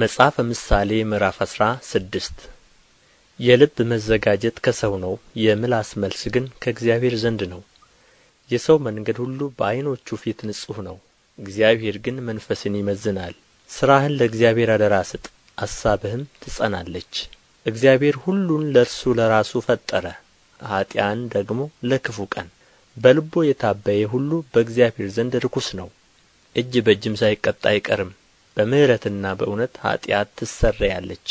መጽሐፈ ምሳሌ ምዕራፍ አስራ ስድስት የልብ መዘጋጀት ከሰው ነው፣ የምላስ መልስ ግን ከእግዚአብሔር ዘንድ ነው። የሰው መንገድ ሁሉ በአይኖቹ ፊት ንጹሕ ነው፣ እግዚአብሔር ግን መንፈስን ይመዝናል። ሥራህን ለእግዚአብሔር አደራ ስጥ፣ አሳብህም ትጸናለች። እግዚአብሔር ሁሉን ለእርሱ ለራሱ ፈጠረ፣ ኀጢአን ደግሞ ለክፉ ቀን። በልቦ የታበየ ሁሉ በእግዚአብሔር ዘንድ ርኩስ ነው፣ እጅ በእጅም ሳይቀጣ አይቀርም። በምሕረትና በእውነት ኃጢአት ትሰረያለች።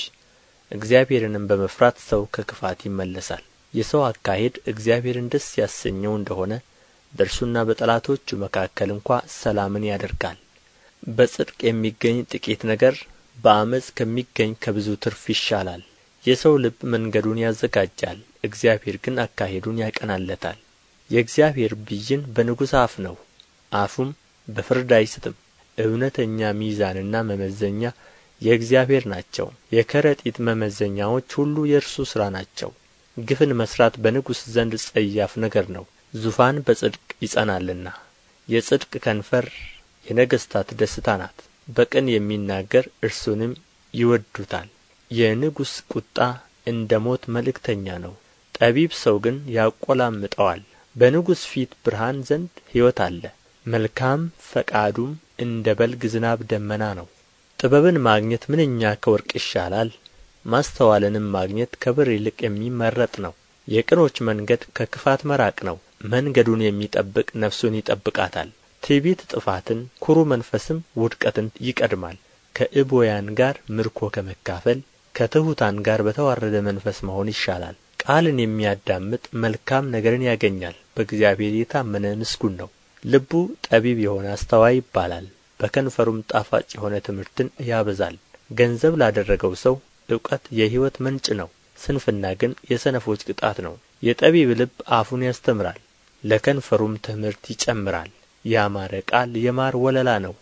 እግዚአብሔርንም በመፍራት ሰው ከክፋት ይመለሳል። የሰው አካሄድ እግዚአብሔርን ደስ ያሰኘው እንደሆነ በእርሱና በጠላቶቹ መካከል እንኳ ሰላምን ያደርጋል። በጽድቅ የሚገኝ ጥቂት ነገር በአመፅ ከሚገኝ ከብዙ ትርፍ ይሻላል። የሰው ልብ መንገዱን ያዘጋጃል፣ እግዚአብሔር ግን አካሄዱን ያቀናለታል። የእግዚአብሔር ብይን በንጉሥ አፍ ነው፣ አፉም በፍርድ አይስትም። እውነተኛ ሚዛንና መመዘኛ የእግዚአብሔር ናቸው የከረጢት መመዘኛዎች ሁሉ የእርሱ ሥራ ናቸው ግፍን መሥራት በንጉሥ ዘንድ ጸያፍ ነገር ነው ዙፋን በጽድቅ ይጸናልና የጽድቅ ከንፈር የነገሥታት ደስታ ናት በቅን የሚናገር እርሱንም ይወዱታል የንጉሥ ቁጣ እንደ ሞት መልእክተኛ ነው ጠቢብ ሰው ግን ያቈላምጠዋል በንጉሥ ፊት ብርሃን ዘንድ ሕይወት አለ መልካም ፈቃዱም እንደ በልግ ዝናብ ደመና ነው። ጥበብን ማግኘት ምንኛ ከወርቅ ይሻላል፣ ማስተዋልንም ማግኘት ከብር ይልቅ የሚመረጥ ነው። የቅኖች መንገድ ከክፋት መራቅ ነው። መንገዱን የሚጠብቅ ነፍሱን ይጠብቃታል። ትዕቢት ጥፋትን፣ ኩሩ መንፈስም ውድቀትን ይቀድማል። ከእቦያን ጋር ምርኮ ከመካፈል ከትሑታን ጋር በተዋረደ መንፈስ መሆን ይሻላል። ቃልን የሚያዳምጥ መልካም ነገርን ያገኛል። በእግዚአብሔር የታመነ ምስጉን ነው። ልቡ ጠቢብ የሆነ አስተዋይ ይባላል፣ በከንፈሩም ጣፋጭ የሆነ ትምህርትን ያበዛል። ገንዘብ ላደረገው ሰው እውቀት የሕይወት ምንጭ ነው፣ ስንፍና ግን የሰነፎች ቅጣት ነው። የጠቢብ ልብ አፉን ያስተምራል፣ ለከንፈሩም ትምህርት ይጨምራል። ያማረ ቃል የማር ወለላ ነው፣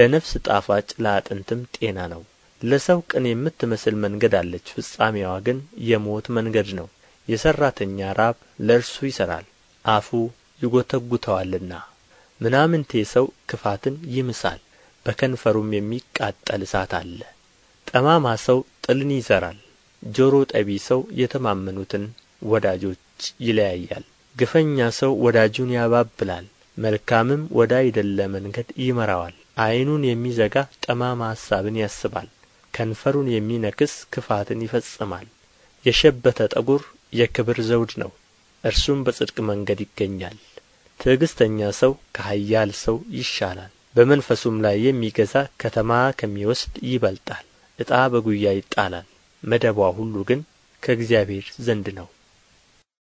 ለነፍስ ጣፋጭ ለአጥንትም ጤና ነው። ለሰው ቅን የምትመስል መንገድ አለች፣ ፍጻሜዋ ግን የሞት መንገድ ነው። የሠራተኛ ራብ ለእርሱ ይሠራል፣ አፉ ይጐተጉተዋልና። ምናምንቴ ሰው ክፋትን ይምሳል በከንፈሩም የሚቃጠል እሳት አለ ጠማማ ሰው ጥልን ይዘራል ጆሮ ጠቢ ሰው የተማመኑትን ወዳጆች ይለያያል ግፈኛ ሰው ወዳጁን ያባብላል መልካምም ወደ አይደለ መንገድ ይመራዋል ዐይኑን የሚዘጋ ጠማማ ሐሳብን ያስባል ከንፈሩን የሚነክስ ክፋትን ይፈጽማል የሸበተ ጠጉር የክብር ዘውድ ነው እርሱም በጽድቅ መንገድ ይገኛል ትዕግሥተኛ ሰው ከኃያል ሰው ይሻላል በመንፈሱም ላይ የሚገዛ ከተማ ከሚወስድ ይበልጣል ዕጣ በጉያ ይጣላል መደቧ ሁሉ ግን ከእግዚአብሔር ዘንድ ነው